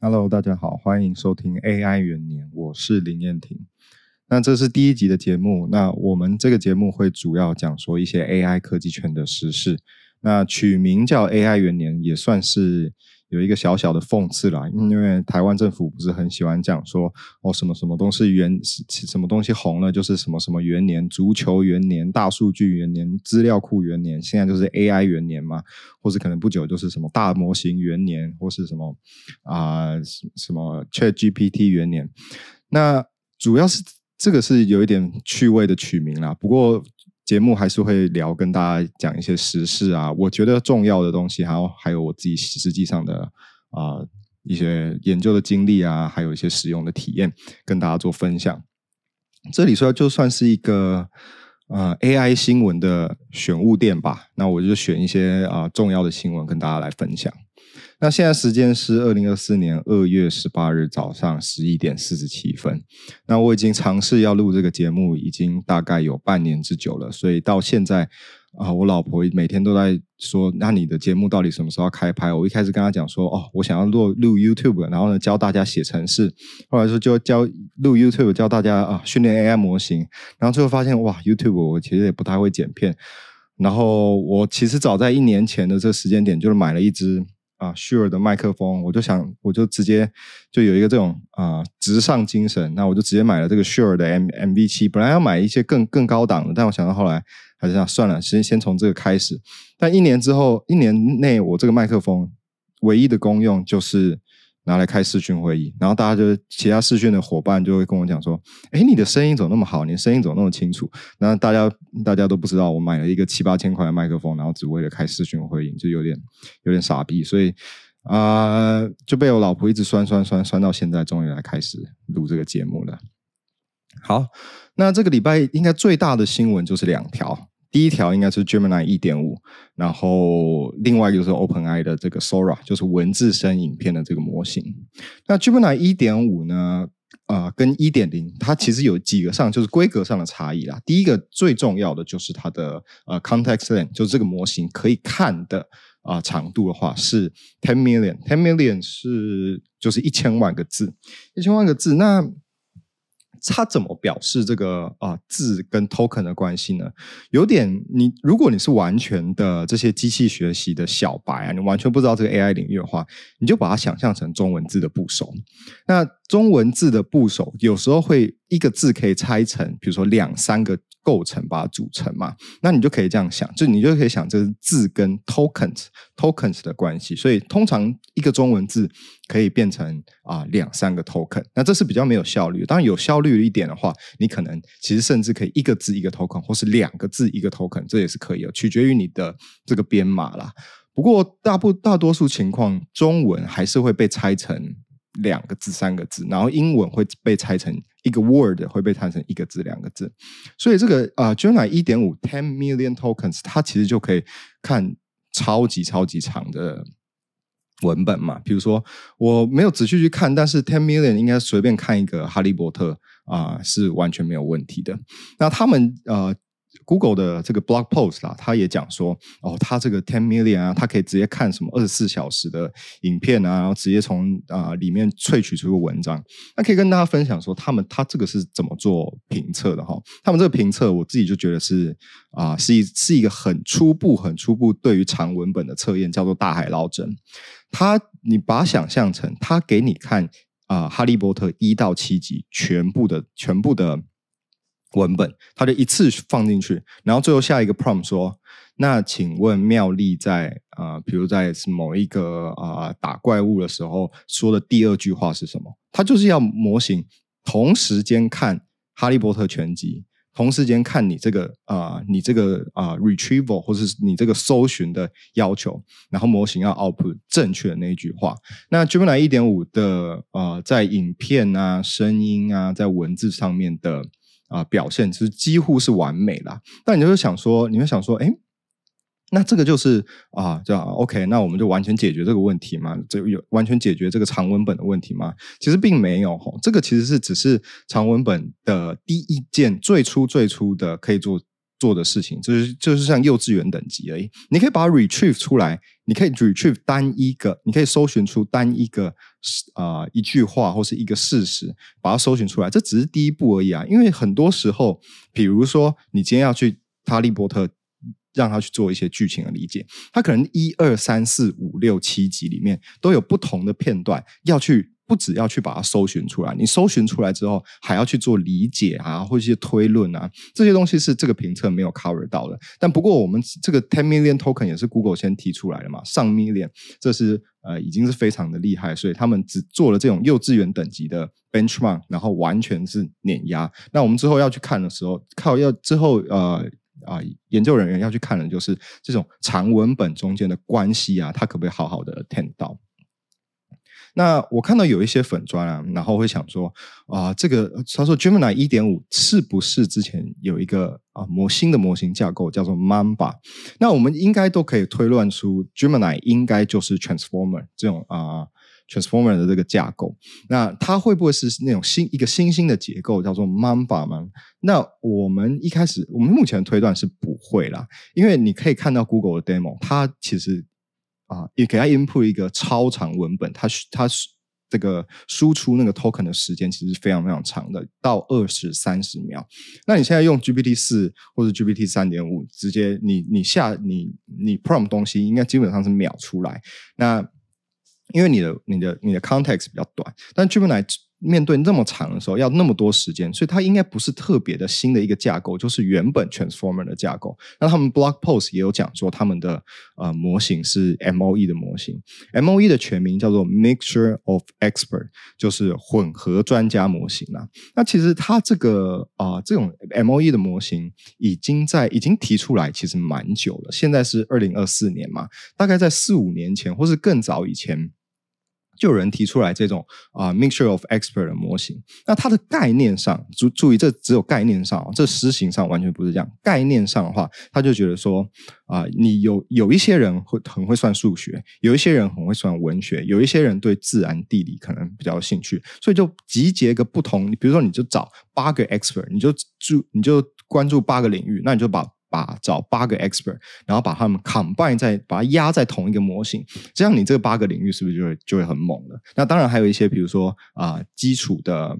Hello，大家好，歡迎收聽 AI 元年，我是林彥廷。那這是第一集的節目，那我們這個節目會主要講說一些 AI 科技圈的時事。那取名叫 AI 元年，也算是。有一個小小的諷刺啦，因為台灣政府不是很喜歡講說哦，什麼什麼東西元什麼東西紅了，就是什麼什麼元年，足球元年，大數據元年，資料庫元年，現在就是 AI 元年嘛，或是可能不久就是什麼大模型元年，或是什麼啊、呃、什麼 ChatGPT 元年，那主要是這個是有一點趣味的取名啦，不過。節目還是會聊，跟大家講一些時事啊，我覺得重要的東西，然後還有我自己實際上的啊、呃、一些研究的經歷啊，還有一些使用的體驗，跟大家做分享。這裡說就算是一個啊、呃、AI 新聞的選物店吧，那我就選一些啊、呃、重要的新聞跟大家來分享。那現在時間是二零二四年二月十八日早上十一點四十七分。那我已經嘗試要錄這個節目，已經大概有半年之久了。所以到現在啊，我老婆每天都在說：“那你的節目到底什麼時候開拍？”我一開始跟她講說：“哦，我想要錄錄 YouTube，然後呢教大家寫程式。”後來說就教錄 YouTube 教大家啊訓練 AI 模型。然後最後發現哇 YouTube 我其實也不太會剪片。然後我其實早在一年前的這個時間點，就是買了一支。啊，Shure 的麥克風，我就想，我就直接就有一個這種啊，直上精神，那我就直接買了這個 Shure 的 M MV 7，本來要買一些更更高檔的，但我想到後來還是想算了，先先從這個開始。但一年之後，一年內我這個麥克風唯一的功用就是。拿來開視訊會議，然後大家就其他視訊的夥伴就會跟我講說：“哎，你的聲音怎麼那麼好？你的聲音怎麼那麼清楚？”然後大家大家都不知道我買了一個七八千塊的麥克風，然後只為了開視訊會議，就有點有點傻逼。所以啊、呃，就被我老婆一直酸酸酸酸到現在，終於來開始錄這個節目了。好，那這個禮拜應該最大的新聞就是兩條。第一條應該是 Gemini 一點五，然後另外就是 OpenAI 的這個 Sora，就是文字生影片的這個模型。那 Gemini 一點五呢？啊、呃，跟一點零，它其實有幾個上就是規格上的差異啦。第一個最重要的就是它的呃 context length，就是這個模型可以看的啊、呃、長度的話是 ten million，ten million 是就是一千萬個字，一千萬個字那。它怎麼表示這個啊、呃、字跟 token 的關係呢？有點你如果你是完全的這些機器學習的小白啊，你完全不知道這個 AI 領域的話，你就把它想象成中文字的部首。那中文字的部首有時候會一個字可以拆成，比如說兩三個字。構成把它組成嘛，那你就可以這樣想，就你就可以想這是字跟 tokens tokens 的關係。所以通常一個中文字可以變成啊、呃、兩三個 token，那這是比較沒有效率。當然有效率一點的話，你可能其實甚至可以一個字一個 token，或是兩個字一個 token，這也是可以的，取決於你的這個編碼啦。不過大部大多數情況，中文還是會被拆成兩個字、三個字，然後英文會被拆成。一個 word 會被看成一個字、兩個字，所以這個啊，Gemini 一點五 ten million tokens，它其實就可以看超級超級長的文本嘛。比如說，我沒有仔細去看，但是 ten million 應該隨便看一個《哈利波特》啊、uh,，是完全沒有問題的。那他們啊。Uh, Google 的這個 blog post 啦，他也講說哦，他這個 ten million 啊，他可以直接看什麼二十四小時的影片啊，然後直接從啊、呃、裡面萃取出個文章。那可以跟大家分享說，他們他這個是怎麼做評測的哈、哦？他們這個評測，我自己就覺得是啊、呃，是一是一個很初步、很初步對於長文本的測驗，叫做大海撈針。他你把它想象成他給你看啊，呃《哈利波特》一到七集全部的全部的。全部的文本，它就一次放進去，然後最後下一個 prompt 說：“那請問妙麗在啊、呃，比如在某一個啊、呃、打怪物的時候說的第二句話是什麼？”它就是要模型同時間看《哈利波特全集》，同時間看你這個啊、呃，你這個啊、呃、retrieval，或是你這個搜尋的要求，然後模型要 output 正確的那一句話。那 Gemini 一點五的啊、呃，在影片啊、聲音啊、在文字上面的。啊、呃，表現其實幾乎是完美啦，但你就是想說，你會想說，哎，那這個就是啊，叫 OK，那我們就完全解決這個問題嗎？就有完全解決這個長文本的問題嗎？其實並沒有，這個其實是只是長文本的第一件最初最初的可以做。做的事情就是就是像幼稚園等級而已。你可以把它 retrieve 出來，你可以 retrieve 單一個，你可以搜尋出單一個啊、呃、一句話或是一個事實，把它搜尋出來。這只是第一步而已啊，因為很多時候，比如說你今天要去《哈利波特》，讓他去做一些劇情的理解，他可能一二三四五六七集裡面都有不同的片段要去。不只要去把它搜尋出來，你搜尋出來之後，還要去做理解啊，或一些推論啊，這些東西是這個評測沒有 cover 到的。但不過我們這個 ten million token 也是 Google 先提出來的嘛，上 million 這是呃已經是非常的厲害，所以他們只做了這種幼稚園等級的 benchmark，然後完全是碾壓。那我們之後要去看的時候，靠要之後呃啊、呃、研究人員要去看的，就是這種長文本中間的關係啊，它可不可以好好的 attend 到？那我看到有一些粉專啊，然後會想說啊、呃，這個他說 Gemini 一點五是不是之前有一個啊，模、呃、型的模型架構叫做 Mamba？那我們應該都可以推斷出 Gemini 應該就是 Transformer 這種啊、呃、，Transformer 的這個架構。那它會不會是那種新一個新興的結構叫做 Mamba 嗎？那我們一開始我們目前推斷是不會啦，因為你可以看到 Google 的 Demo，它其實。啊，也給它 input 一個超長文本，它它是這個輸出那個 token 的時間其實是非常非常長的，到二十三十秒。那你現在用 GPT 四或者 GPT 三點五，直接你你下你你 prompt 東西，應該基本上是秒出來。那因為你的你的你的 context 比較短，但 Gemini 來面對那麼長的時候，要那麼多時間，所以它應該不是特別的新的一個架構，就是原本 Transformer 的架構。那他們 blog post 也有講說，他們的、呃、模型是 MoE 的模型。MoE 的全名叫做 Mixture of Expert，就是混合專家模型啊。那其實它這個啊、呃、這種 MoE 的模型已經在已經提出來，其實蠻久了。現在是二零二四年嘛，大概在四五年前，或是更早以前。就有人提出來這種啊、呃、mixture of expert 的模型，那它的概念上，注注意，這只有概念上，這實行上完全不是這樣。概念上的話，他就覺得說啊、呃，你有有一些人會很會算數學，有一些人很會算文學，有一些人對自然地理可能比較有興趣，所以就集結個不同，比如說你就找八個 expert，你就注你就關注八個領域，那你就把。把找八個 expert，然後把他們 combine 在，把它壓在同一個模型，這樣你這個八個領域是不是就會就會很猛了？那當然還有一些，比如說啊、呃，基礎的。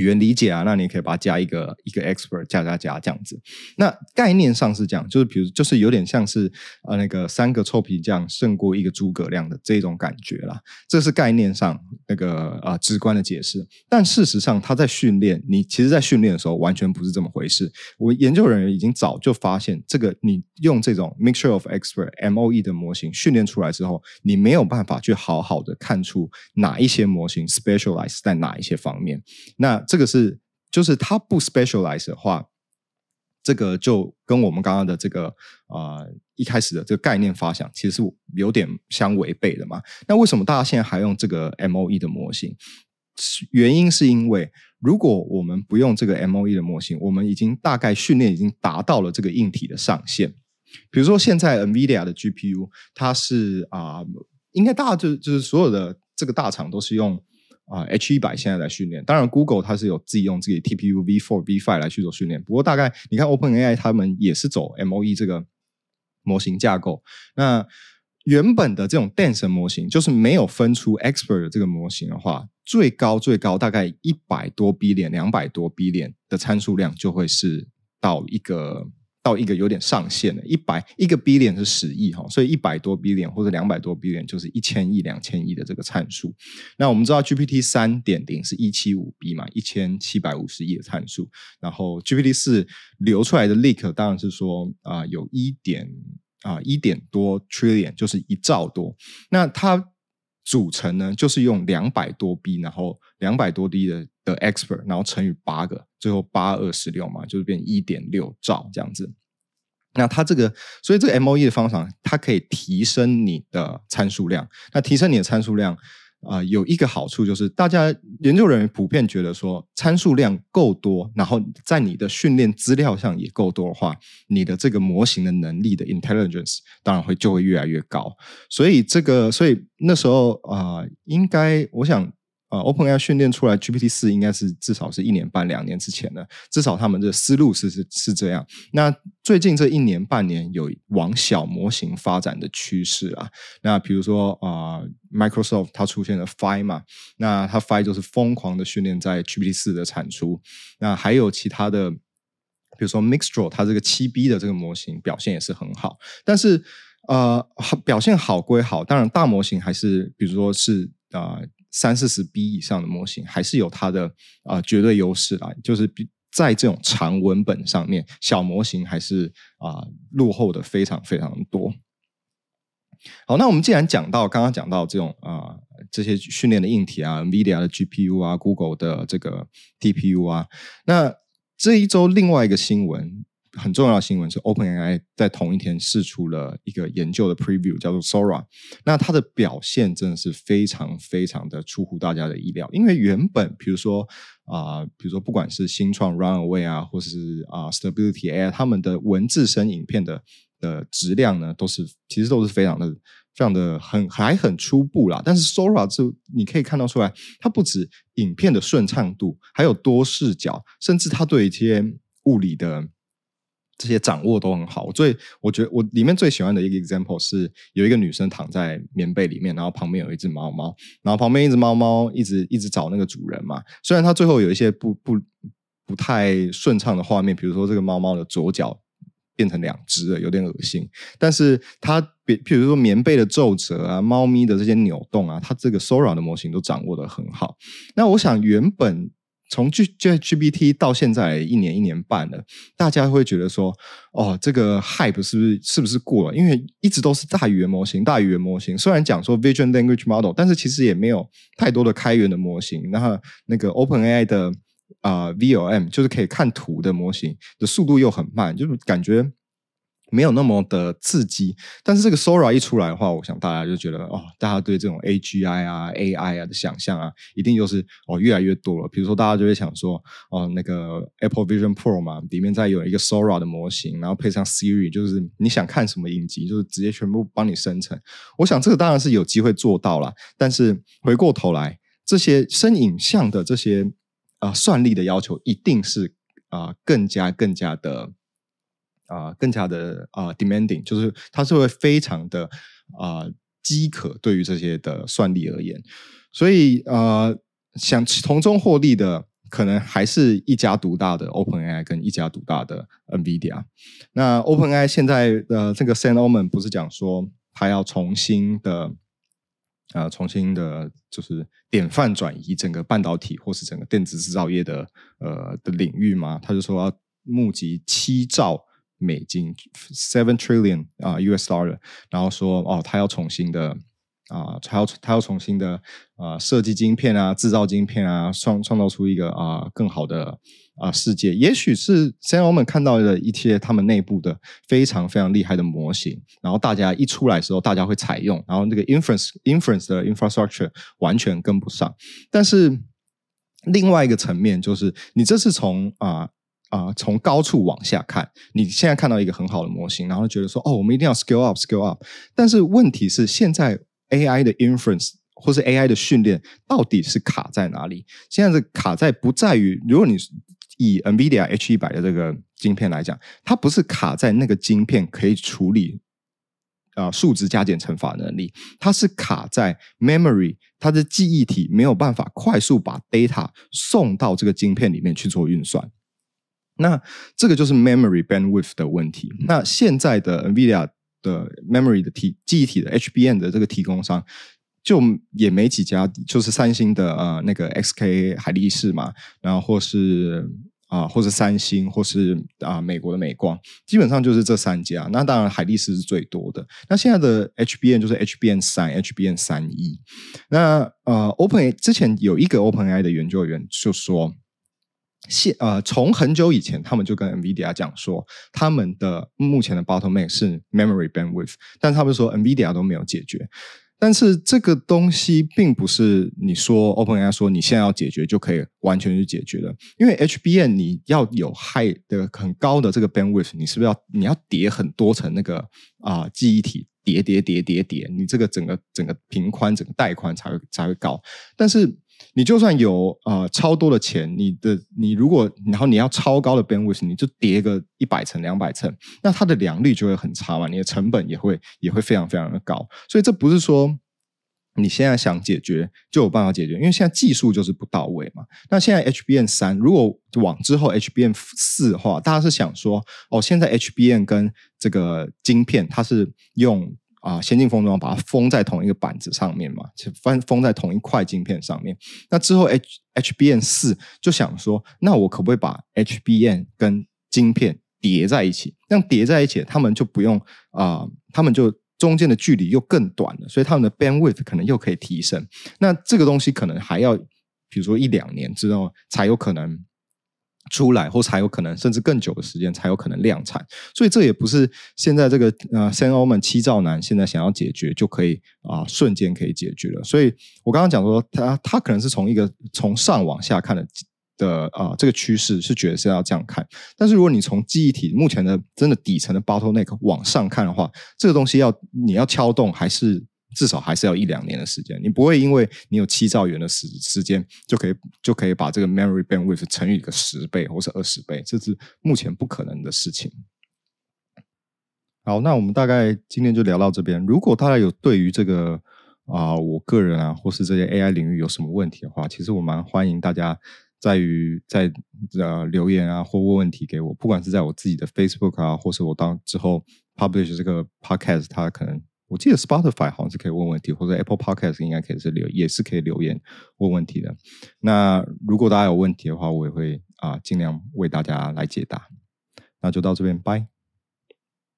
語言理解啊，那你可以把它加一個一個 expert 加加加，這樣子。那概念上是這樣，就是比如就是有點像是呃那個三個臭皮匠勝過一個諸葛亮的這種感覺啦。這是概念上那個啊、呃、直觀的解釋。但事實上，它在訓練，你其實在訓練的時候完全不是這麼回事。我研究人員已經早就發現，這個你用這種 mixture of expert（MOE） 的模型訓練出來之後，你沒有辦法去好好的看出哪一些模型 specialize 在哪一些方面。那這個是，就是它不 specialize 的話，這個就跟我們剛剛的這個啊、呃、一開始的這個概念發想，其實是有點相違背的嘛。那為什麼大家現在還用這個 MOE 的模型？原因是因為如果我們不用這個 MOE 的模型，我們已經大概訓練已經達到了這個硬體的上限。比如說現在 NVIDIA 的 GPU，它是啊、呃，應該大家就是、就是所有的這個大廠都是用。啊，H100 現在在訓練。當然，Google 它是有自己用自己 TPU V4 V5 來去做訓練。不過，大概你看 OpenAI 他們也是走 MOE 這個模型架構。那原本的這種 Dense 模型，就是沒有分出 expert 的這個模型的話，最高最高大概一百多 B 鏈，兩百多 B 鏈的參數量就會是到一個。到一個有點上限的。一百一個 billion 是十億哈，所以一百多 billion 或者兩百多 billion 就是一千億、兩千億的這個參數。那我們知道 GPT 三點零是一七五 B 嘛，一千七百五十億的參數。然後 GPT 四流出來的 leak 當然是說啊、呃、有一點啊一、呃、點多 trillion，就是一兆多。那它組成呢，就是用兩百多 B，然後兩百多 D 的的 expert，然後乘以八個，最後八二十六嘛，就是變一點六兆這樣子。那它這個，所以這個 MOE 的方法，它可以提升你的參數量。那提升你的參數量。啊、呃，有一個好處就是，大家研究人員普遍覺得說，參數量夠多，然後在你的訓練資料上也夠多的話，你的這個模型的能力的 intelligence 當然會就會越來越高。所以這個，所以那時候啊、呃，應該我想。啊、呃、，OpenAI 訓練出來 GPT 四應該是至少是一年半、兩年之前的，至少他們的思路是是是這樣。那最近這一年半年有往小模型發展的趨勢啊。那比如說啊、呃、，Microsoft 它出現了 Phi 嘛，那它 Phi 就是瘋狂的訓練在 GPT 四的產出。那還有其他的，比如說 Mistral 它這個七 B 的這個模型表現也是很好。但是呃，表現好歸好，當然大模型還是比如說是啊。呃三四十 B 以上的模型還是有它的啊、呃、絕對優勢來，就是比在這種長文本上面，小模型還是啊、呃、落後的非常非常多。好，那我們既然講到剛剛講到這種啊、呃、這些訓練的硬體啊，NVIDIA 的 GPU 啊，Google 的這個 TPU 啊，那這一周另外一個新聞。很重要的新聞是，OpenAI 在同一天釋出了一個研究的 Preview，叫做 Sora。那它的表現真的是非常非常的出乎大家的意料。因為原本，比如說啊、呃，比如說不管是新創 Runway 啊，或是啊、呃、Stability AI，他們的文字生影片的的質量呢，都是其實都是非常的非常的很還很初步啦。但是 Sora 就你可以看到出來，它不止影片的順暢度，還有多視角，甚至它對一些物理的。這些掌握都很好。我最我覺得我裡面最喜歡的一個 example 是，有一個女生躺在棉被裡面，然後旁邊有一隻貓貓，然後旁邊一隻貓貓一直一直找那個主人嘛。雖然它最後有一些不不不太順暢的畫面，比如說這個貓貓的左腳變成兩隻了，有點噁心。但是它比譬如說棉被的皺褶啊、貓咪的這些扭動啊，它這個 Sora 的模型都掌握得很好。那我想原本。從 G G B T 到現在一年一年半了，大家會覺得說，哦，這個 hype 是不是，是不是過了？因為一直都是大語言模型，大語言模型，雖然講說 vision language model，但是其實也沒有太多的開源的模型。那那個 OpenAI 的啊、呃、VLM 就是可以看圖的模型，的速度又很慢，就是感覺。沒有那麼的刺激，但是這個 Sora 一出來的話，我想大家就覺得哦，大家對這種 AGI 啊、AI 啊的想象啊，一定就是哦越來越多了。比如說，大家就會想說哦，那個 Apple Vision Pro 嘛，裡面再有一個 Sora 的模型，然後配上 Siri，就是你想看什麼影集，就是直接全部幫你生成。我想這個當然是有機會做到了，但是回過頭來，這些生影像的這些啊、呃、算力的要求，一定是啊、呃、更加更加的。啊、呃，更加的啊、呃、，demanding，就是它是會非常的啊、呃、飢渴對於這些的算力而言，所以啊、呃、想從中獲利的可能還是一家獨大的 OpenAI 跟一家獨大的 NVIDIA。那 OpenAI 現在的、呃、這個 Sam Altman 不是講說他要重新的啊、呃，重新的，就是典範轉移整個半導體或是整個電子製造業的呃的領域嗎？他就說要募集七兆。美金 seven trillion 啊 US dollar，然後說哦，他要重新的啊，他要他要重新的啊，設計晶片啊，製造晶片啊，創創造出一個啊更好的啊世界。也許是現在我們看到了一些他們內部的非常非常厲害的模型，然後大家一出來的時候，大家會採用，然後那個 inference inference 的 infrastructure 完全跟不上。但是另外一個層面就是，你這是從啊。啊、呃，從高處往下看，你現在看到一個很好的模型，然後覺得說哦，我們一定要 scale up，scale up。但是問題是，現在 AI 的 inference 或是 AI 的訓練到底是卡在哪裡？現在是卡在不在於，如果你以 NVIDIA H100 的這個晶片來講，它不是卡在那個晶片可以處理啊、呃、數值加減乘法能力，它是卡在 memory，它的記憶體沒有辦法快速把 data 送到這個晶片裡面去做運算。那這個就是 memory bandwidth 的問題。嗯、那現在的 NVIDIA 的 memory 的提記憶體的 HBM 的這個提供商，就也沒幾家，就是三星的呃那個 SK 海力士嘛，然後或是啊、呃，或是三星，或是啊、呃、美國的美光，基本上就是這三家。那當然海力士是最多的。那現在的 HBM 就是 HBM3、HBM3E 那呃 OpenAI 之前有一個 OpenAI 的研究員就說，現呃，從很久以前，他們就跟 NVIDIA 講說，他們的目前的 Bottleneck 是 Memory Bandwidth，但是他們說 NVIDIA 都沒有解決。但是這個東西並不是你說 OpenAI 說你現在要解決就可以完全去解決的，因為 HBM 你要有 high 的很高的這個 Bandwidth，你是不是要你要疊很多層那個啊、呃、記憶體，疊疊疊疊疊，你這個整個整個頻寬、整個帶寬才會才會高，但是。你就算有呃超多的錢，你的你如果然後你要超高的 bandwidth，你就疊個一百層兩百層，那它的良率就會很差嘛，你的成本也會也會非常非常的高，所以這不是說你現在想解決就有辦法解決，因為現在技術就是不到位嘛。那現在 HBM 三如果往之後 HBM 四的話，大家是想說哦，現在 HBM 跟這個晶片它是用。啊，先進封裝把它封在同一個板子上面嘛，就封封在同一塊晶片上面。那之後，H HBM 四就想說，那我可不可以把 HBM 跟晶片疊在一起？那疊在一起，他們就不用啊、呃，他們就中間的距離又更短了，所以他們的 bandwidth 可能又可以提升。那這個東西可能還要，比如說一兩年之後才有可能。出來或才有可能，甚至更久的時間才有可能量產，所以這也不是現在這個呃，Sam Altman 七兆男現在想要解決就可以啊、呃，瞬間可以解決了。所以我剛剛講說，他他可能是從一個從上往下看的的啊、呃，這個趨勢是覺得是要這樣看，但是如果你從記憶體目前的真的底層的 bottleneck 往上看的話，這個東西要你要敲動還是。至少還是要一兩年的時間，你不會因為你有七兆元的時時間，就可以就可以把這個 memory bandwidth 乘以個十倍或是二十倍，這是目前不可能的事情。好，那我們大概今天就聊到這邊。如果大家有對於這個啊、呃，我個人啊，或是這些 AI 領域有什麼問題的話，其實我蠻歡迎大家在於在，在呃留言啊，或問問題給我，不管是在我自己的 Facebook 啊，或是我當之後 publish 這個 podcast，它可能。我記得 Spotify 好像是可以問問題，或者 Apple Podcast 應該可以是留也是可以留言問問題的。那如果大家有問題的話，我也會啊儘量為大家來解答。那就到這邊，拜。